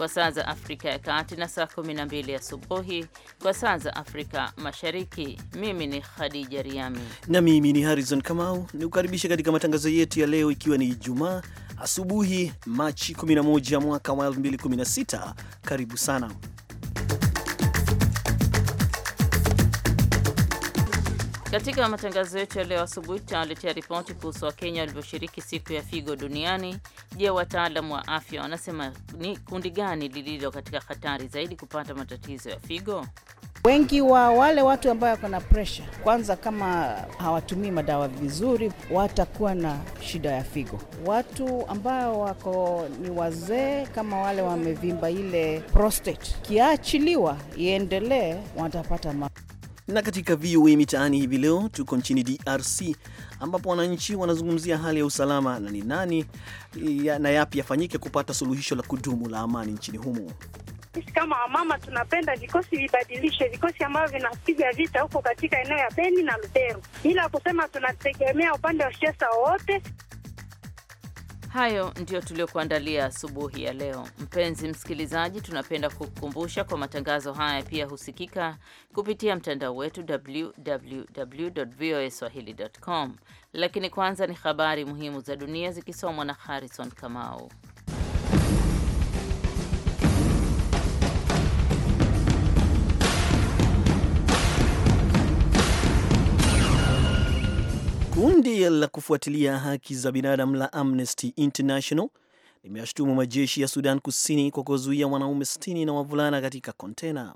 kwa saa za Afrika ya Kati na saa 12 asubuhi kwa saa za Afrika Mashariki. Mimi ni Khadija Riami na mimi ni Harrison Kamau, ni kukaribisha katika matangazo yetu ya leo, ikiwa ni Ijumaa asubuhi Machi 11 mwaka wa 2016. Karibu sana Katika matangazo yetu ya leo asubuhi, tunawaletea ripoti kuhusu Wakenya walivyoshiriki siku ya figo duniani. Je, wataalam wa afya wanasema ni kundi gani lililo katika hatari zaidi kupata matatizo ya figo? Wengi wa wale watu ambao wako na presha, kwanza, kama hawatumii madawa vizuri, watakuwa na shida ya figo. Watu ambao wako ni wazee, kama wale wamevimba ile prostate, kiachiliwa iendelee, watapata ma na katika VOA Mitaani hivi leo tuko nchini DRC ambapo wananchi wanazungumzia hali ya usalama na ni nani ya, na yapi yafanyike kupata suluhisho la kudumu la amani nchini humo. Sisi kama wamama tunapenda vikosi vibadilishe vikosi ambavyo vinapiga vita huko katika eneo ya Beni na Lubero, ila kusema tunategemea upande wa siasa wowote. Hayo ndiyo tuliokuandalia asubuhi ya leo. Mpenzi msikilizaji, tunapenda kukukumbusha kwa matangazo haya pia husikika kupitia mtandao wetu www voa swahilicom Lakini kwanza ni habari muhimu za dunia zikisomwa na Harrison Kamau. Kundi la kufuatilia haki za binadamu la Amnesty International limewashutumu majeshi ya Sudan Kusini kwa kuwazuia wanaume 60 na wavulana katika kontena.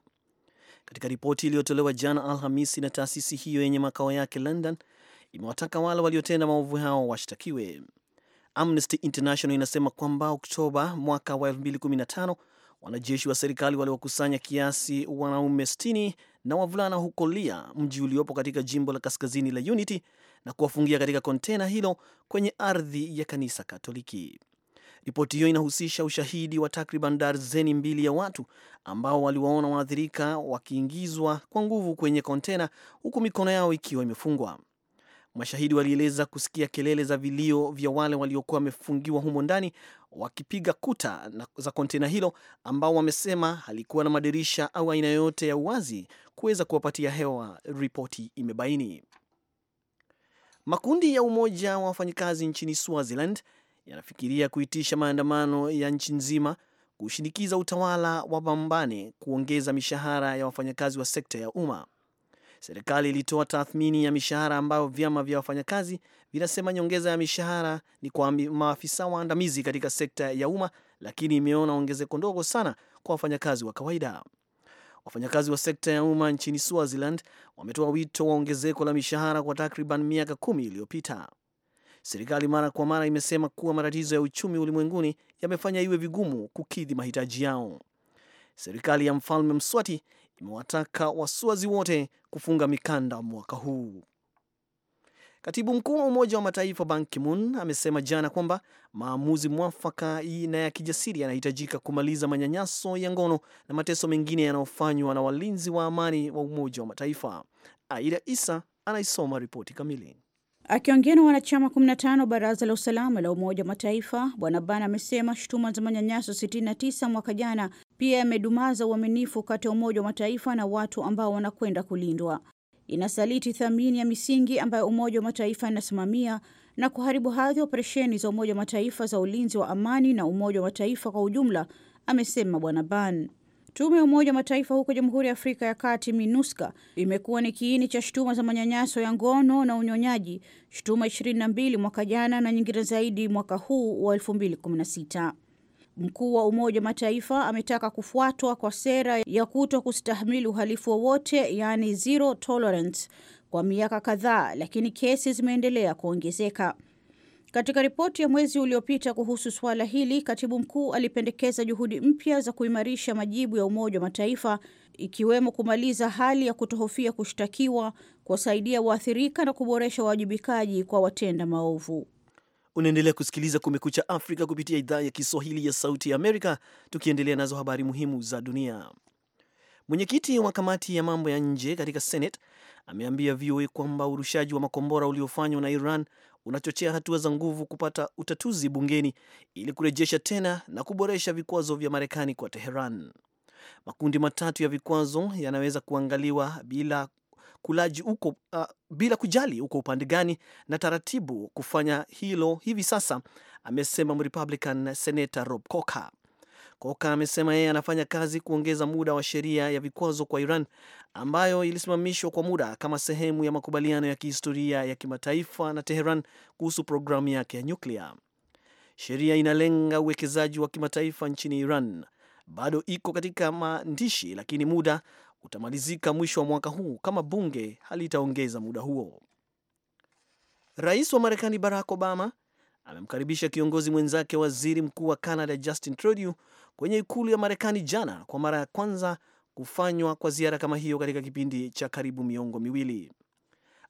Katika ripoti iliyotolewa jana Alhamisi na taasisi hiyo yenye makao yake London, imewataka wale waliotenda maovu hao washtakiwe. Amnesty International inasema kwamba Oktoba mwaka wa 2015 wanajeshi wa serikali waliokusanya kiasi wanaume sitini na wavulana huko Lia, mji uliopo katika jimbo la kaskazini la Unity, na kuwafungia katika kontena hilo kwenye ardhi ya kanisa Katoliki. Ripoti hiyo inahusisha ushahidi wa takriban darzeni mbili ya watu ambao waliwaona waathirika wakiingizwa kwa nguvu kwenye kontena huku mikono yao ikiwa imefungwa. Mashahidi walieleza kusikia kelele za vilio vya wale waliokuwa wamefungiwa humo ndani wakipiga kuta za kontena hilo, ambao wamesema halikuwa na madirisha au aina yoyote ya uwazi kuweza kuwapatia hewa, ripoti imebaini. Makundi ya Umoja wa Wafanyikazi nchini Swaziland yanafikiria kuitisha maandamano ya nchi nzima kushinikiza utawala wa Bambane kuongeza mishahara ya wafanyakazi wa sekta ya umma. Serikali ilitoa tathmini ya mishahara ambayo vyama vya wafanyakazi vinasema nyongeza ya mishahara ni kwa maafisa waandamizi katika sekta ya umma, lakini imeona ongezeko ndogo sana kwa wafanyakazi wa kawaida. Wafanyakazi wa sekta ya umma nchini Swaziland wametoa wito wa ongezeko la mishahara kwa takriban miaka kumi iliyopita. Serikali mara kwa mara imesema kuwa matatizo ya uchumi ulimwenguni yamefanya iwe vigumu kukidhi mahitaji yao. Serikali ya mfalme Mswati imewataka Wasuazi wote kufunga mikanda mwaka huu. Katibu mkuu wa Umoja wa Mataifa Ban Ki-moon amesema jana kwamba maamuzi mwafaka na ya kijasiri yanahitajika kumaliza manyanyaso ya ngono na mateso mengine yanayofanywa na walinzi wa amani wa Umoja wa Mataifa. Aida Isa anaisoma ripoti kamili. Akiongea na wanachama 15 baraza la usalama la Umoja wa Mataifa, Bwana Ban amesema shutuma za manyanyaso 69 mwaka jana pia yamedumaza uaminifu kati ya Umoja wa Mataifa na watu ambao wanakwenda kulindwa, inasaliti thamini ya misingi ambayo Umoja wa Mataifa inasimamia na kuharibu hadhi ya operesheni za Umoja wa Mataifa za ulinzi wa amani na Umoja wa Mataifa kwa ujumla, amesema Bwana Ban. Tume ya Umoja wa Mataifa huko Jamhuri ya Afrika ya Kati, MINUSCA, imekuwa ni kiini cha shutuma za manyanyaso ya ngono na unyonyaji, shutuma 22 mwaka jana na nyingine zaidi mwaka huu wa 2016. Mkuu wa Umoja wa Mataifa ametaka kufuatwa kwa sera ya kuto kustahimili uhalifu wowote, yaani zero tolerance, kwa miaka kadhaa, lakini kesi zimeendelea kuongezeka. Katika ripoti ya mwezi uliopita kuhusu suala hili, katibu mkuu alipendekeza juhudi mpya za kuimarisha majibu ya Umoja wa Mataifa, ikiwemo kumaliza hali ya kutohofia kushtakiwa, kuwasaidia waathirika na kuboresha uwajibikaji kwa watenda maovu. Unaendelea kusikiliza Kumekucha Afrika kupitia idhaa ya Kiswahili ya Sauti ya Amerika, tukiendelea nazo habari muhimu za dunia. Mwenyekiti wa kamati ya mambo ya nje katika Senate ameambia VOA kwamba urushaji wa makombora uliofanywa na Iran unachochea hatua za nguvu kupata utatuzi bungeni ili kurejesha tena na kuboresha vikwazo vya Marekani kwa Teheran. Makundi matatu ya vikwazo yanaweza kuangaliwa bila kulaji uko, uh, bila kujali uko upande gani na taratibu kufanya hilo hivi sasa, amesema Mrepublican senata Rob Coker. Koka amesema yeye anafanya kazi kuongeza muda wa sheria ya vikwazo kwa Iran ambayo ilisimamishwa kwa muda kama sehemu ya makubaliano ya kihistoria ya kimataifa na Teheran kuhusu programu yake ya nyuklia. Sheria inalenga uwekezaji wa kimataifa nchini Iran. Bado iko katika maandishi, lakini muda utamalizika mwisho wa mwaka huu kama bunge halitaongeza muda huo. Rais wa Marekani Barack Obama amemkaribisha kiongozi mwenzake waziri mkuu wa Canada Justin Trudeau kwenye ikulu ya Marekani jana kwa mara ya kwanza kufanywa kwa ziara kama hiyo katika kipindi cha karibu miongo miwili.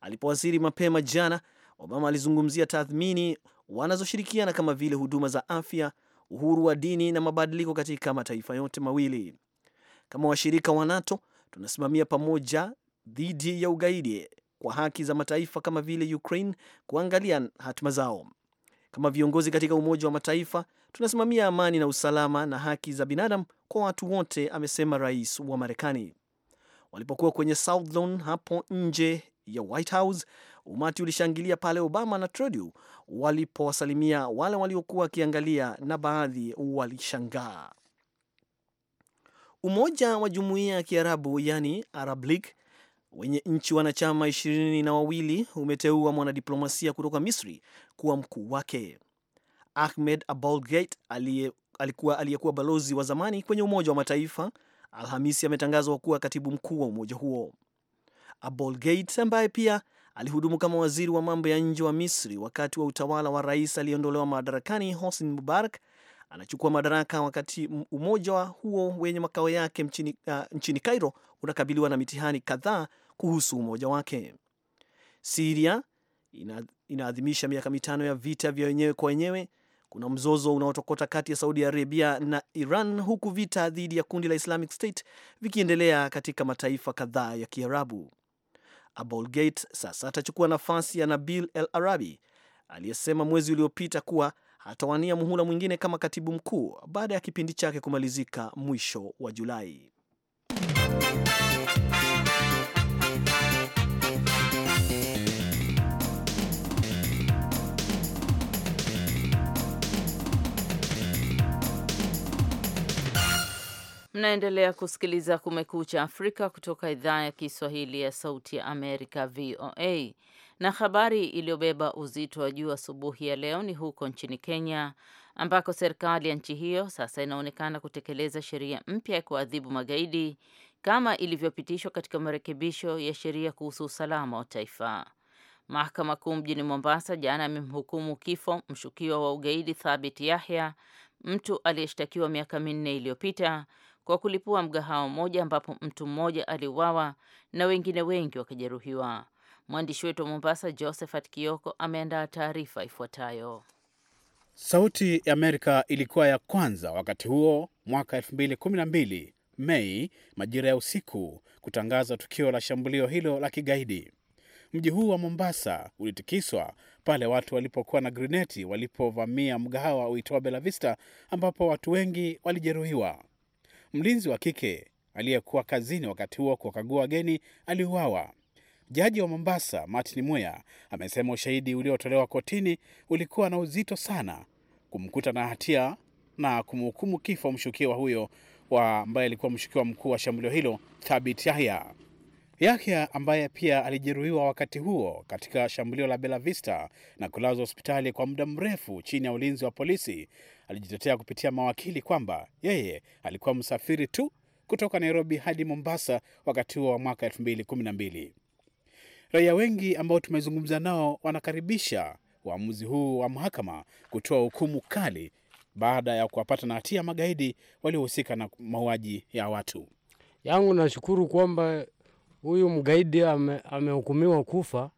Alipowasili mapema jana, Obama alizungumzia tathmini wanazoshirikiana kama vile huduma za afya, uhuru wa dini na mabadiliko katika mataifa yote mawili. Kama washirika wa NATO tunasimamia pamoja dhidi ya ugaidi kwa haki za mataifa kama vile Ukraine kuangalia hatima zao. Kama viongozi katika Umoja wa Mataifa tunasimamia amani na usalama na haki za binadamu kwa watu wote, amesema rais wa Marekani. Walipokuwa kwenye South Lawn hapo nje ya White House, umati ulishangilia pale Obama na Trudeau walipowasalimia wale waliokuwa wakiangalia, na baadhi walishangaa. Umoja wa Jumuiya ya Kiarabu yani Arab League wenye nchi wanachama ishirini na wawili umeteua mwanadiplomasia kutoka Misri kuwa mkuu wake. Ahmed Aboulgate alikuwa aliyekuwa balozi wa zamani kwenye Umoja wa Mataifa Alhamisi ametangazwa kuwa katibu mkuu wa umoja huo. Aboulgate ambaye pia alihudumu kama waziri wa mambo ya nje wa Misri wakati wa utawala wa rais aliyeondolewa madarakani Hosni Mubarak anachukua madaraka wakati umoja huo wenye makao yake mchini, uh, nchini Cairo unakabiliwa na mitihani kadhaa kuhusu umoja wake. Siria inaadhimisha miaka mitano ya vita vya wenyewe kwa wenyewe kuna mzozo unaotokota kati ya Saudi Arabia na Iran, huku vita dhidi ya kundi la Islamic State vikiendelea katika mataifa kadhaa ya Kiarabu. Abolgate sasa atachukua nafasi ya Nabil El Arabi aliyesema mwezi uliopita kuwa hatawania muhula mwingine kama katibu mkuu baada ya kipindi chake kumalizika mwisho wa Julai. Mnaendelea kusikiliza Kumekucha Afrika kutoka idhaa ya Kiswahili ya Sauti ya Amerika, VOA. Na habari iliyobeba uzito wa juu asubuhi ya leo ni huko nchini Kenya, ambako serikali ya nchi hiyo sasa inaonekana kutekeleza sheria mpya ya kuadhibu magaidi kama ilivyopitishwa katika marekebisho ya sheria kuhusu usalama wa taifa. Mahakama Kuu mjini Mombasa jana amemhukumu kifo mshukiwa wa ugaidi Thabit Yahya, mtu aliyeshtakiwa miaka minne iliyopita kwa kulipua mgahawa mmoja ambapo mtu mmoja aliuawa na wengine wengi wakijeruhiwa Mwandishi wetu wa Mombasa, Josephat Kioko, ameandaa taarifa ifuatayo. Sauti ya Amerika ilikuwa ya kwanza wakati huo mwaka 2012 Mei, majira ya usiku, kutangaza tukio la shambulio hilo la kigaidi. Mji huu wa Mombasa ulitikiswa pale watu walipokuwa na grineti walipovamia mgahawa uitoa Bela Vista ambapo watu wengi walijeruhiwa. Mlinzi wa kike aliyekuwa kazini wakati huo kuwakagua wageni aliuawa. Jaji wa Mombasa Martin Muya amesema ushahidi uliotolewa kotini ulikuwa na uzito sana kumkuta na hatia na kumhukumu kifo mshukiwa huyo wa ambaye alikuwa mshukiwa mkuu wa shambulio hilo Thabit Yahya. Yahya ambaye pia alijeruhiwa wakati huo katika shambulio la Bela Vista na kulazwa hospitali kwa muda mrefu chini ya ulinzi wa polisi, alijitetea kupitia mawakili kwamba yeye alikuwa msafiri tu kutoka Nairobi hadi Mombasa wakati huo wa mwaka 2012. Raia wengi ambao tumezungumza nao wanakaribisha uamuzi huu wa mahakama kutoa hukumu kali baada ya kuwapata na hatia magaidi waliohusika na mauaji ya watu yangu. Nashukuru kwamba huyu mgaidi amehukumiwa ame kufa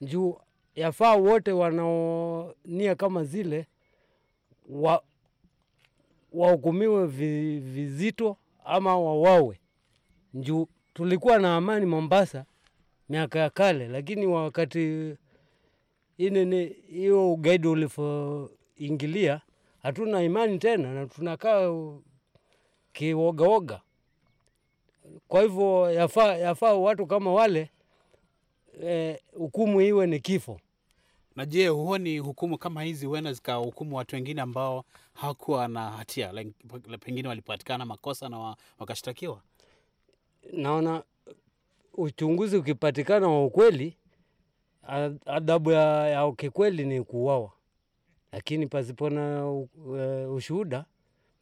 juu yafaa wote wanaonia kama zile wa, wahukumiwe vizito ama wawawe juu tulikuwa na amani Mombasa miaka ya kale, lakini wakati inini hiyo ugaidi ulivoingilia hatuna imani tena na tunakaa kiwogawoga. Kwa hivyo yafaa yafa watu kama wale eh, hukumu e, iwe ni kifo. Na je, huoni hukumu kama hizi huenda zikahukumu watu wengine ambao hawakuwa na hatia, like, pengine walipatikana makosa na wakashtakiwa? Naona uchunguzi ukipatikana wa ukweli, adhabu ya, ya kikweli ni kuuawa, lakini pasipo na eh, ushuhuda,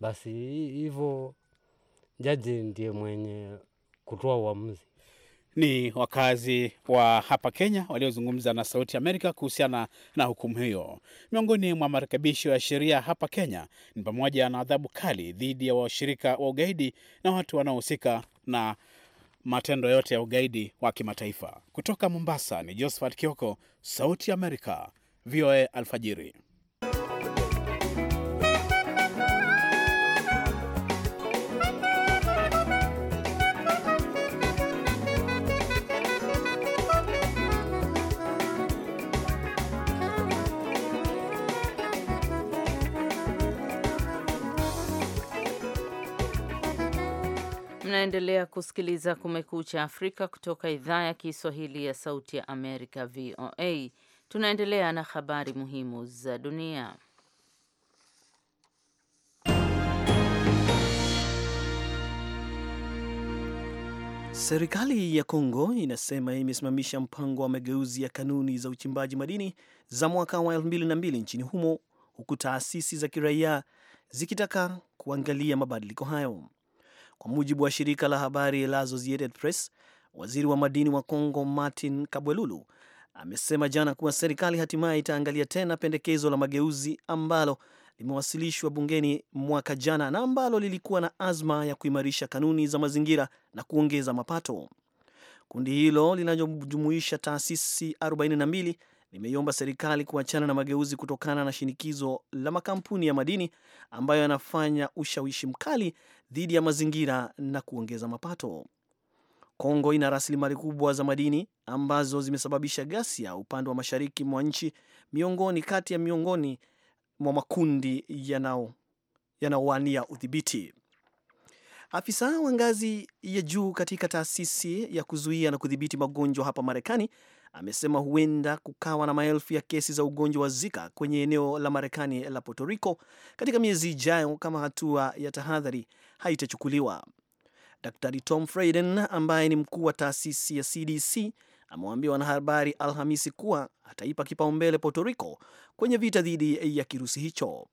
basi hivyo jaji ndiye mwenye kutoa uamuzi. Ni wakazi wa hapa Kenya waliozungumza na Sauti Amerika kuhusiana na hukumu hiyo. Miongoni mwa marekebisho ya sheria hapa Kenya ni pamoja na adhabu kali dhidi ya washirika wa ugaidi na watu wanaohusika na matendo yote ya ugaidi wa kimataifa. Kutoka Mombasa ni Josephat Kioko, Sauti Amerika, VOA Alfajiri. Mnaendelea kusikiliza Kumekucha Afrika kutoka idhaa ya Kiswahili ya Sauti ya Amerika, VOA. Tunaendelea na habari muhimu za dunia. Serikali ya Kongo inasema imesimamisha mpango wa mageuzi ya kanuni za uchimbaji madini za mwaka wa 2022 nchini humo huku taasisi za kiraia zikitaka kuangalia mabadiliko hayo. Kwa mujibu wa shirika la habari la Associated Press, waziri wa madini wa congo Martin Kabwelulu amesema jana kuwa serikali hatimaye itaangalia tena pendekezo la mageuzi ambalo limewasilishwa bungeni mwaka jana na ambalo lilikuwa na azma ya kuimarisha kanuni za mazingira na kuongeza mapato. Kundi hilo linalojumuisha taasisi 42 limeiomba serikali kuachana na mageuzi kutokana na shinikizo la makampuni ya madini ambayo yanafanya ushawishi mkali dhidi ya mazingira na kuongeza mapato. Kongo ina rasilimali kubwa za madini ambazo zimesababisha ghasia upande wa mashariki mwa nchi miongoni kati ya miongoni mwa makundi yanaowania ya udhibiti. Afisa wa ngazi ya juu katika taasisi ya kuzuia na kudhibiti magonjwa hapa Marekani amesema huenda kukawa na maelfu ya kesi za ugonjwa wa Zika kwenye eneo la Marekani la Puerto Rico katika miezi ijayo kama hatua ya tahadhari haitachukuliwa. dr Tom Frieden ambaye ni mkuu wa taasisi ya CDC amewaambia wanahabari Alhamisi kuwa ataipa kipaumbele Puerto Rico kwenye vita dhidi ya kirusi hicho.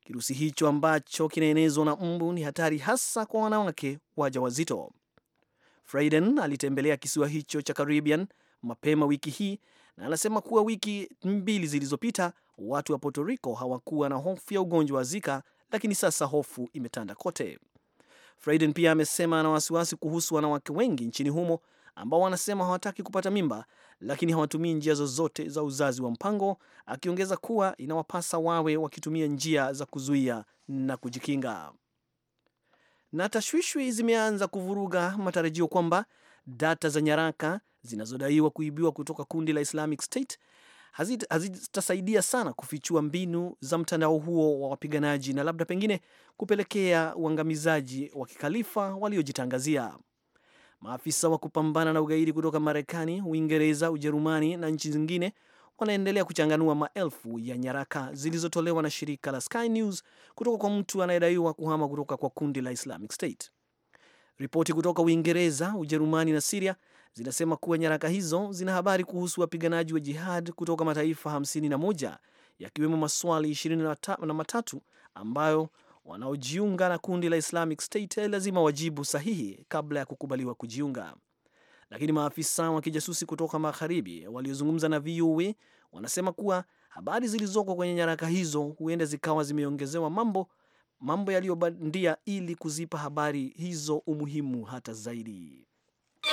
Kirusi hicho ambacho kinaenezwa na mbu ni hatari hasa kwa wanawake waja wazito. Frieden alitembelea kisiwa hicho cha Caribbean mapema wiki hii na anasema kuwa wiki mbili zilizopita watu wa Puerto Rico hawakuwa na hofu ya ugonjwa wa Zika, lakini sasa hofu imetanda kote. Freiden pia amesema ana wasiwasi kuhusu wanawake wengi nchini humo ambao wanasema hawataki kupata mimba, lakini hawatumii njia zozote za uzazi wa mpango, akiongeza kuwa inawapasa wawe wakitumia njia za kuzuia na kujikinga. Na tashwishwi zimeanza kuvuruga matarajio kwamba data za nyaraka zinazodaiwa kuibiwa kutoka kundi la Islamic State hazitasaidia sana kufichua mbinu za mtandao huo wa wapiganaji na labda pengine kupelekea uangamizaji wa kikalifa waliojitangazia. Maafisa wa kupambana na ugaidi kutoka Marekani, Uingereza, Ujerumani na nchi zingine wanaendelea kuchanganua maelfu ya nyaraka zilizotolewa na shirika la Sky News kutoka kwa mtu anayedaiwa kuhama kutoka kwa kundi la Islamic State. Ripoti kutoka Uingereza, Ujerumani na Siria zinasema kuwa nyaraka hizo zina habari kuhusu wapiganaji wa jihad kutoka mataifa 51 yakiwemo maswali 23 ambayo wanaojiunga na kundi la Islamic State lazima wajibu sahihi kabla ya kukubaliwa kujiunga. Lakini maafisa wa kijasusi kutoka magharibi waliozungumza na VOA wanasema kuwa habari zilizoko kwenye nyaraka hizo huenda zikawa zimeongezewa mambo mambo yaliyobandia ili kuzipa habari hizo umuhimu hata zaidi.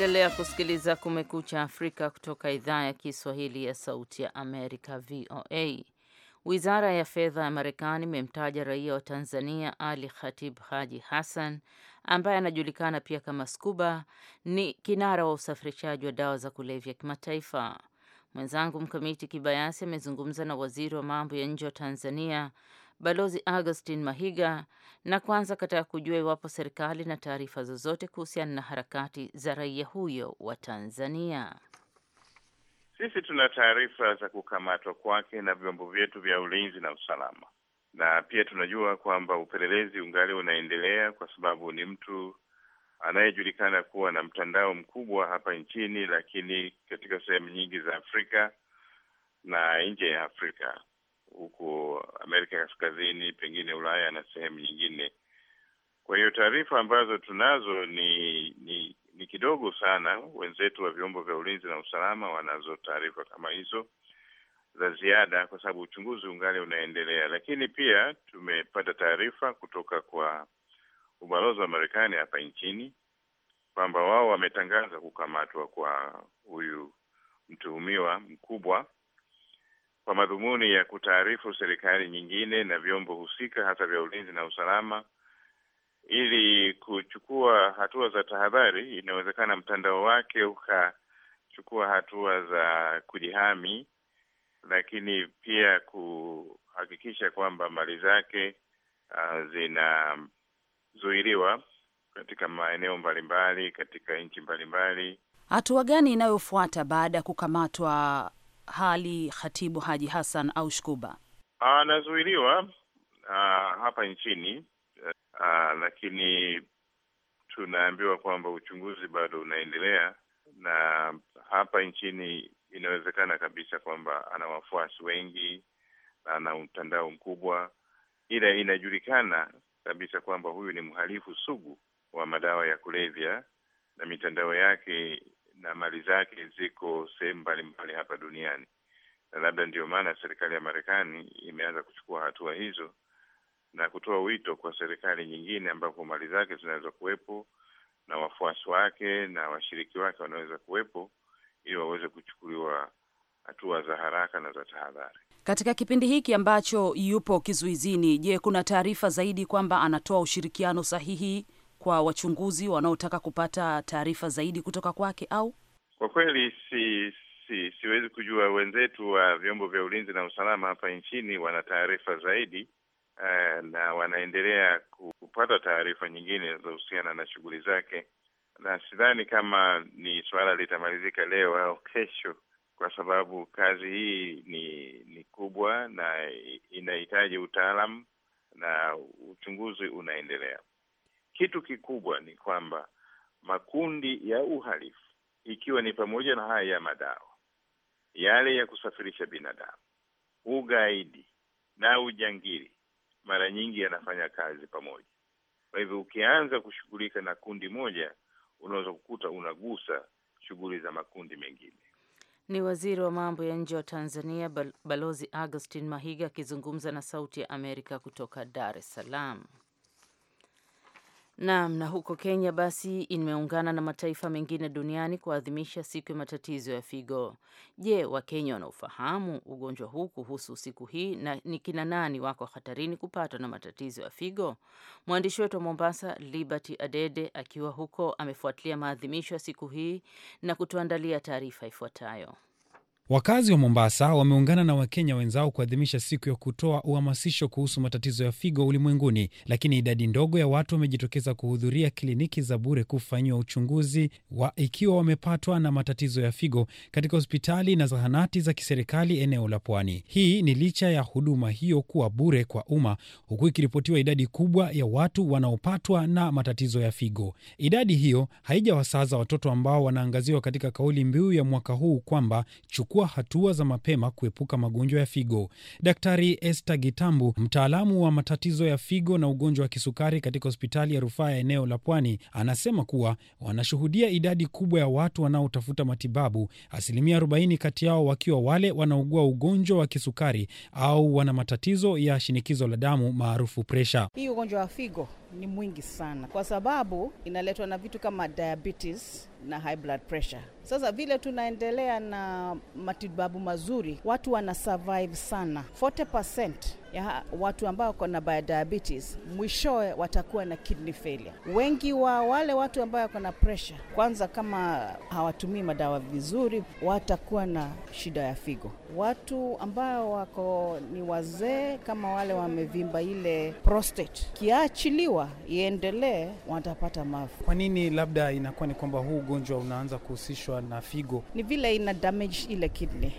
Unaendelea kusikiliza Kumekucha Afrika kutoka idhaa ya Kiswahili ya Sauti ya Amerika, VOA. Wizara ya Fedha ya Marekani imemtaja raia wa Tanzania Ali Khatib Haji Hassan ambaye anajulikana pia kama Skuba ni kinara wa usafirishaji wa dawa za kulevya kimataifa. Mwenzangu Mkamiti Kibayasi amezungumza na waziri wa mambo ya nje wa Tanzania Balozi Augustin Mahiga na kwanza kataka kujua iwapo serikali na taarifa zozote kuhusiana na harakati za raia huyo wa Tanzania. Sisi tuna taarifa za kukamatwa kwake na vyombo vyetu vya ulinzi na usalama, na pia tunajua kwamba upelelezi ungali unaendelea, kwa sababu ni mtu anayejulikana kuwa na mtandao mkubwa hapa nchini, lakini katika sehemu nyingi za Afrika na nje ya Afrika huko Amerika Kaskazini, pengine Ulaya na sehemu nyingine. Kwa hiyo taarifa ambazo tunazo ni, ni ni kidogo sana. Wenzetu wa vyombo vya ulinzi na usalama wanazo taarifa kama hizo za ziada, kwa sababu uchunguzi ungali unaendelea. Lakini pia tumepata taarifa kutoka kwa ubalozi wa Marekani hapa nchini kwamba wao wametangaza kukamatwa kwa huyu mtuhumiwa mkubwa kwa madhumuni ya kutaarifu serikali nyingine na vyombo husika hasa vya ulinzi na usalama ili kuchukua hatua za tahadhari. Inawezekana mtandao wake ukachukua hatua za kujihami, lakini pia kuhakikisha kwamba mali zake uh, zinazuiliwa katika maeneo mbalimbali katika nchi mbalimbali. Hatua gani inayofuata baada ya kukamatwa hali Khatibu Haji Hassan au Shkuba? Ah, anazuiliwa ah, hapa nchini a, ah, lakini tunaambiwa kwamba uchunguzi bado unaendelea, na hapa nchini inawezekana kabisa kwamba ana wafuasi wengi na ana mtandao mkubwa, ila inajulikana kabisa kwamba huyu ni mhalifu sugu wa madawa ya kulevya na mitandao yake na mali zake ziko sehemu mbalimbali hapa duniani, na labda ndiyo maana serikali ya Marekani imeanza kuchukua hatua hizo na kutoa wito kwa serikali nyingine ambapo mali zake zinaweza kuwepo na wafuasi wake na washiriki wake wanaweza kuwepo ili waweze kuchukuliwa hatua za haraka na za tahadhari. Katika kipindi hiki ambacho yupo kizuizini, je, kuna taarifa zaidi kwamba anatoa ushirikiano sahihi kwa wachunguzi wanaotaka kupata taarifa zaidi kutoka kwake? Au kwa kweli si, si siwezi kujua. Wenzetu wa vyombo vya ulinzi na usalama hapa nchini wana taarifa zaidi eh, na wanaendelea kupata taarifa nyingine zinazohusiana na shughuli zake, na sidhani kama ni suala litamalizika leo au kesho, kwa sababu kazi hii ni ni kubwa na inahitaji utaalam na uchunguzi unaendelea. Kitu kikubwa ni kwamba makundi ya uhalifu ikiwa ni pamoja na haya ya madawa, yale ya kusafirisha binadamu, ugaidi na ujangili, mara nyingi yanafanya kazi pamoja. Kwa hivyo ukianza kushughulika na kundi moja, unaweza kukuta unagusa shughuli za makundi mengine. Ni waziri wa mambo ya nje wa Tanzania Balozi Augustin Mahiga akizungumza na Sauti ya Amerika kutoka Dar es Salaam. Naam, na huko Kenya basi imeungana na mataifa mengine duniani kuadhimisha siku ya matatizo ya figo. Je, Wakenya wanaofahamu ugonjwa huu kuhusu siku hii na ni kina nani wako hatarini kupatwa na matatizo ya figo? Mwandishi wetu wa Mombasa Liberty Adede akiwa huko amefuatilia maadhimisho ya siku hii na kutuandalia taarifa ifuatayo. Wakazi wa Mombasa wameungana na Wakenya wenzao kuadhimisha siku ya kutoa uhamasisho kuhusu matatizo ya figo ulimwenguni, lakini idadi ndogo ya watu wamejitokeza kuhudhuria kliniki za bure kufanyiwa uchunguzi wa ikiwa wamepatwa na matatizo ya figo katika hospitali na zahanati za kiserikali eneo la Pwani. Hii ni licha ya huduma hiyo kuwa bure kwa umma, huku ikiripotiwa idadi kubwa ya watu wanaopatwa na matatizo ya figo. Idadi hiyo haijawasaza watoto ambao wanaangaziwa katika kauli mbiu ya mwaka huu kwamba chukua kuchukua hatua za mapema kuepuka magonjwa ya figo. Daktari Esther Gitambu, mtaalamu wa matatizo ya figo na ugonjwa wa kisukari katika hospitali ya rufaa ya eneo la Pwani, anasema kuwa wanashuhudia idadi kubwa ya watu wanaotafuta matibabu, asilimia 40 kati yao wakiwa wale wanaugua ugonjwa wa kisukari au wana matatizo ya shinikizo la damu maarufu presha. Hii ugonjwa wa figo ni mwingi sana, kwa sababu inaletwa na vitu kama diabetes na high blood pressure. Sasa vile tunaendelea na matibabu mazuri, watu wana survive sana 40% ya watu ambao wako na diabetes mwishowe watakuwa na kidney failure. Wengi wa wale watu ambao wako na pressure, kwanza kama hawatumii madawa vizuri, watakuwa na shida ya figo. Watu ambao wako ni wazee kama wale wamevimba ile prostate, kiachiliwa iendelee, watapata maafa. Kwa nini? Labda inakuwa ni kwamba huu ugonjwa unaanza kuhusishwa na figo, ni vile ina damage ile kidney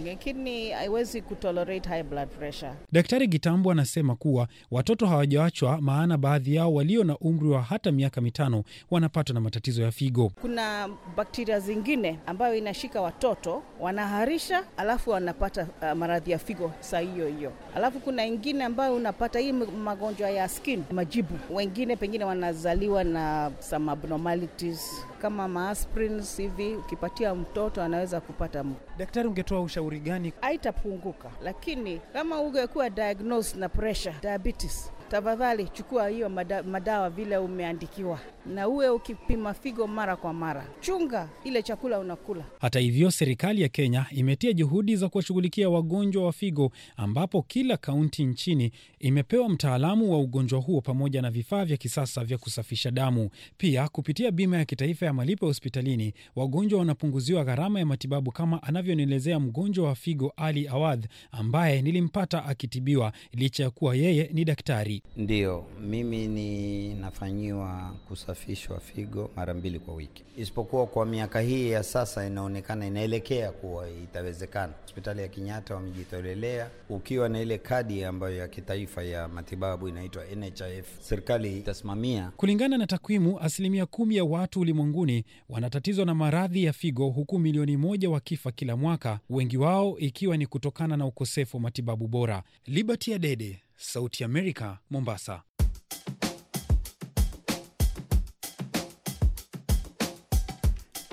Okay, haiwezi kutolerate high blood pressure. Daktari Gitambo anasema kuwa watoto hawajawachwa, maana baadhi yao walio na umri wa hata miaka mitano wanapatwa na matatizo ya figo. Kuna bakteria zingine ambayo inashika watoto wanaharisha, alafu wanapata uh, maradhi ya figo saa hiyo hiyo, alafu kuna ingine ambayo unapata hii magonjwa ya skin majibu, wengine pengine wanazaliwa na some abnormalities kama maasprin hivi ukipatia mtoto anaweza kupata mu. Daktari, ungetoa ushauri gani? Haitapunguka, lakini kama ungekuwa diagnosed na pressure diabetes tafadhali chukua hiyo mada, madawa vile umeandikiwa, na uwe ukipima figo mara kwa mara, chunga ile chakula unakula. Hata hivyo, serikali ya Kenya imetia juhudi za kuwashughulikia wagonjwa wa figo, ambapo kila kaunti nchini imepewa mtaalamu wa ugonjwa huo pamoja na vifaa vya kisasa vya kusafisha damu. Pia kupitia bima ya kitaifa ya malipo ya hospitalini, wagonjwa wanapunguziwa gharama ya matibabu, kama anavyonielezea mgonjwa wa figo Ali Awadh ambaye nilimpata akitibiwa licha ya kuwa yeye ni daktari. Ndiyo, mimi ninafanyiwa kusafishwa figo mara mbili kwa wiki, isipokuwa kwa miaka hii ya sasa inaonekana inaelekea kuwa itawezekana. Hospitali ya Kenyatta wamejitolelea, ukiwa na ile kadi ambayo ya kitaifa ya matibabu inaitwa NHIF, serikali itasimamia. Kulingana na takwimu, asilimia kumi ya watu ulimwenguni wanatatizwa na maradhi ya figo, huku milioni moja wakifa kila mwaka, wengi wao ikiwa ni kutokana na ukosefu wa matibabu bora. Liberty Adede Sauti Amerika, Mombasa.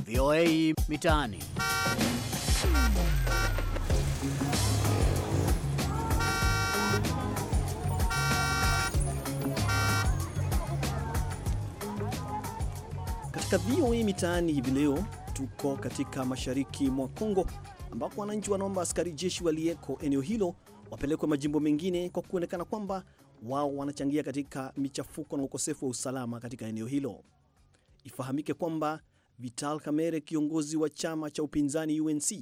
VOA Mitaani. Katika VOA Mitaani hivi leo tuko katika mashariki mwa Kongo ambapo wananchi wanaomba askari jeshi waliyeko eneo hilo wapelekwe majimbo mengine kwa kuonekana kwamba wao wanachangia katika michafuko na ukosefu wa usalama katika eneo hilo. Ifahamike kwamba Vital kamere kiongozi wa chama cha upinzani UNC,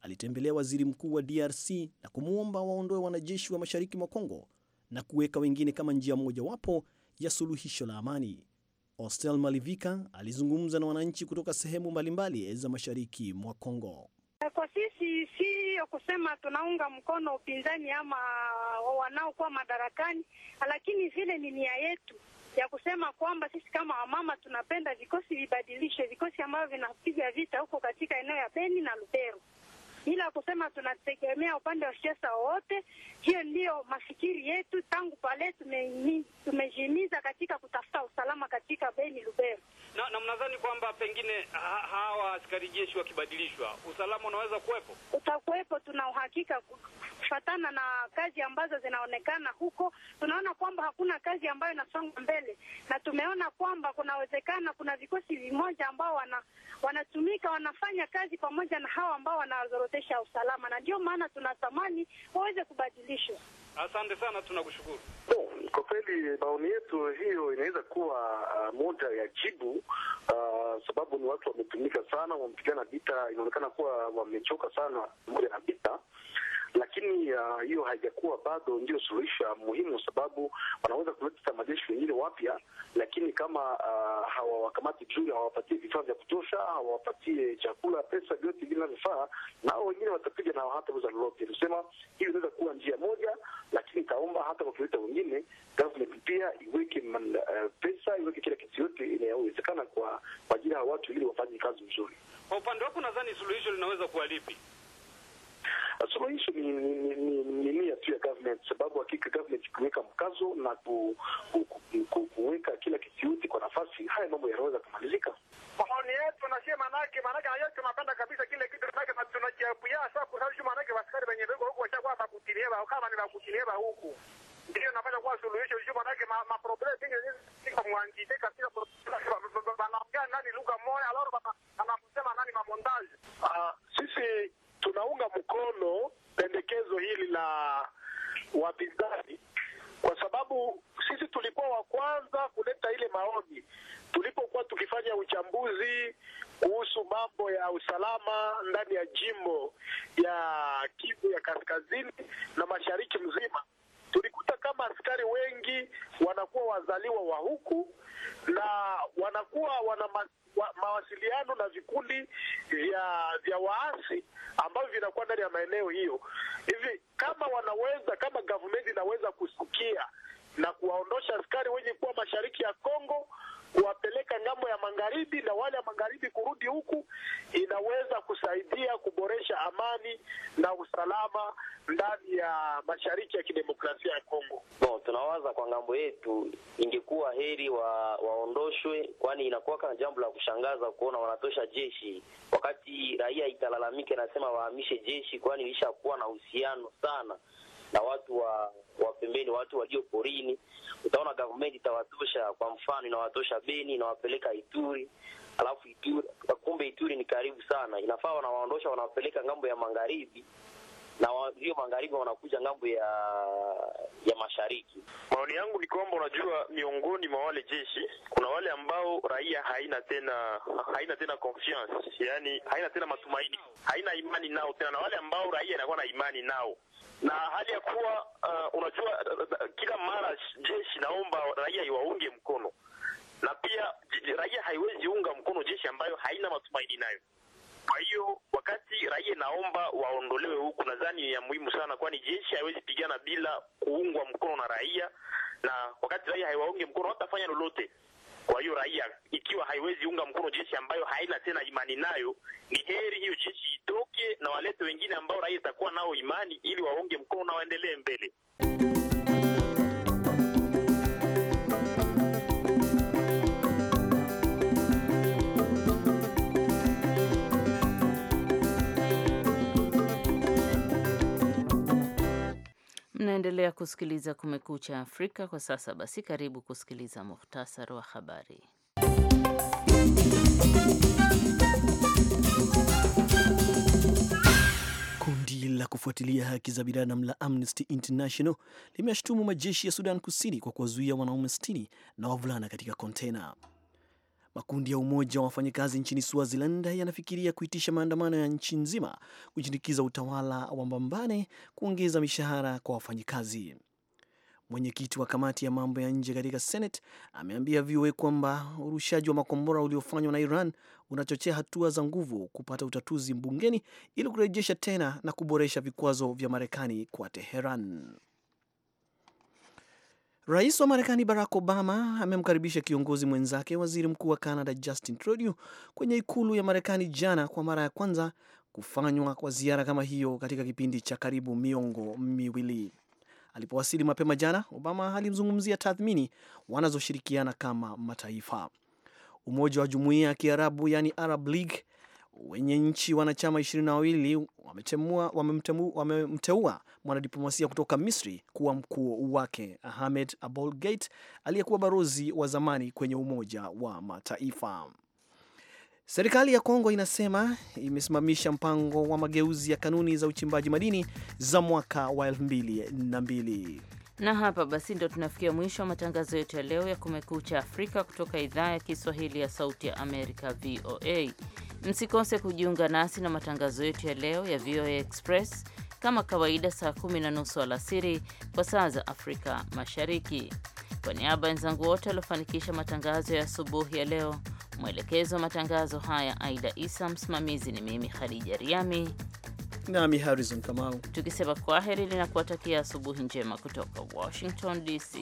alitembelea waziri mkuu wa DRC na kumwomba waondoe wanajeshi wa mashariki mwa Kongo na kuweka wengine kama njia mojawapo ya suluhisho la amani. Ostel Malivika alizungumza na wananchi kutoka sehemu mbalimbali za mashariki mwa Kongo. Eh, kwa sisi siyo kusema tunaunga mkono upinzani ama wanaokuwa madarakani, lakini vile ni nia yetu ya kusema kwamba sisi kama wamama tunapenda vikosi vibadilishwe, vikosi ambavyo vinapiga vita huko katika eneo ya Beni na Lubero, ila kusema tunategemea upande wa siasa wowote, hiyo ndiyo mafikiri yetu tangu pale tumejihimiza katika kutafuta usalama katika Beni Lubero na, na mnadhani kwamba pengine ha, hawa askari jeshi wakibadilishwa usalama unaweza kuwepo? Utakuwepo, tuna uhakika kufatana na kazi ambazo zinaonekana huko. Tunaona kwamba hakuna kazi ambayo inasonga mbele, na tumeona kwamba kunawezekana kuna vikosi vimoja ambao wana, wanatumika wanafanya kazi pamoja na hawa ambao wanazorotesha usalama, na ndio maana tunatamani waweze kubadilishwa. Asante sana, tunakushukuru. Oh, kwa kweli maoni yetu hiyo inaweza kuwa uh, moja ya jibu uh, sababu ni watu wametumika sana, wamepigana vita, inaonekana kuwa wamechoka sana moja na vita lakini uh, hiyo haijakuwa bado ndio suluhisho muhimu, sababu wanaweza kuleta majeshi wengine wapya, lakini kama uh, hawawakamati juu, hawawapatie vifaa vya kutosha, hawawapatie chakula, pesa, vyote vile vifaa, nao wengine watapiga na hata uza lolote. hiyo inaweza kuwa njia moja, lakini kaomba hata kwa wengine government pia iweke uh, pesa iweke kila kitu yote inayowezekana kwa ajili ya watu ili wafanye kazi mzuri. Kwa upande wako, nadhani suluhisho linaweza kuwa lipi? Suluhisho ni nia tu ya government, sababu hakika government kuweka mkazo na kuweka kila kijuhudi kwa nafasi, haya mambo yanaweza kumalizika. Maoni yetu nasema manake manake hayo tunapenda kabisa kile kitu tunake tunachiapuya sasa, kwa sababu manake wasikari wenye bego huko washakuwa bakutiliwa kama ni bakutiliwa huko ndio napata kuwa suluhisho juu, manake ma problem mingi ziko mwangite katika banaongea nani lugha moja, alafu anamsema nani mamondaji ah tatizo hili la wapinzani, kwa sababu sisi tulikuwa wa kwanza kuleta ile maoni tulipokuwa tukifanya uchambuzi kuhusu mambo ya usalama ndani ya jimbo ya Kivu ya kaskazini na mashariki mzima tulikuta kama askari wengi wanakuwa wazaliwa wa huku na wanakuwa wana wa, mawasiliano na vikundi vya vya waasi ambavyo vinakuwa ndani ya maeneo hiyo. Hivi kama wanaweza, kama government inaweza kusikia na kuwaondosha askari wenye kuwa mashariki ya Kongo kuwapeleka ngambo ya magharibi na wale magharibi kurudi huku, inaweza kusaidia kuboresha amani na usalama ndani ya mashariki ya kidemokrasia ya Kongo. No, tunawaza kwa ngambo yetu ingekuwa heri wa, waondoshwe, kwani inakuwa kama jambo la kushangaza kuona wanatosha jeshi wakati raia italalamika, inasema wahamishe jeshi, kwani ilishakuwa na uhusiano sana na watu wa, wa pembeni, watu walio porini. Utaona government itawatosha, kwa mfano inawatosha Beni, inawapeleka Ituri, alafu Ituri, kumbe Ituri ni karibu sana, inafaa wanawaondosha wanawapeleka ngambo ya magharibi na walio magharibi wanakuja ngambo ya ya mashariki. Maoni yangu ni kwamba, unajua, miongoni mwa wale jeshi kuna wale ambao raia haina tena haina tena confiance, yani haina tena matumaini, haina imani nao tena, na wale ambao raia inakuwa na imani nao na hali ya kuwa uh, unajua kila mara jeshi naomba raia iwaunge mkono, na pia raia haiwezi unga mkono jeshi ambayo haina matumaini nayo. Kwa hiyo wakati raia naomba waondolewe huku, nadhani ni ya muhimu sana, kwani jeshi haiwezi pigana bila kuungwa mkono na raia, na wakati raia haiwaunge mkono watafanya lolote. Kwa hiyo raia ikiwa haiwezi unga mkono jeshi ambayo haina tena imani nayo, ni heri hiyo jeshi itoke na walete wengine ambao raia itakuwa nao imani, ili waunge mkono na waendelee mbele. Mnaendelea kusikiliza Kumekucha Afrika kwa sasa. Basi karibu kusikiliza muhtasari wa habari. Kundi la kufuatilia haki za binadamu la Amnesty International limeshutumu majeshi ya Sudan Kusini kwa kuwazuia wanaume 60 na wavulana katika kontena. Makundi ya umoja wa wafanyakazi nchini Swaziland yanafikiria kuitisha maandamano ya nchi nzima kushinikiza utawala wa Mbambane kuongeza mishahara kwa wafanyakazi. Mwenyekiti wa kamati ya mambo ya nje katika Senate ameambia VOA kwamba urushaji wa makombora uliofanywa na Iran unachochea hatua za nguvu kupata utatuzi bungeni ili kurejesha tena na kuboresha vikwazo vya Marekani kwa Teheran. Rais wa Marekani Barack Obama amemkaribisha kiongozi mwenzake waziri mkuu wa Canada Justin Trudeau kwenye ikulu ya Marekani jana, kwa mara ya kwanza kufanywa kwa ziara kama hiyo katika kipindi cha karibu miongo miwili. Alipowasili mapema jana, Obama alimzungumzia tathmini wanazoshirikiana kama mataifa. Umoja wa Jumuiya ya Kiarabu, yani Arab League, wenye nchi wanachama ishirini na wawili wamemteua mwanadiplomasia kutoka Misri kuwa mkuu wake, Ahmed Abol aliyekuwa balozi wa zamani kwenye Umoja wa Mataifa. Serikali ya Kongo inasema imesimamisha mpango wa mageuzi ya kanuni za uchimbaji madini za mwaka wa elfu mbili na mbili. Na hapa basi ndo tunafikia mwisho wa matangazo yetu ya leo ya Kumekucha Afrika kutoka idhaa ya Kiswahili ya Sauti ya Amerika, VOA. Msikose kujiunga nasi na matangazo yetu ya leo ya VOA Express kama kawaida, saa kumi na nusu alasiri kwa saa za Afrika Mashariki. Kwa niaba ya wenzangu wote waliofanikisha matangazo ya asubuhi ya leo, mwelekezo wa matangazo haya Aida Isa, msimamizi ni mimi Khadija Riami nami Harrison Kamau tukisema kwaheri heri linakuwatakia asubuhi njema kutoka Washington DC.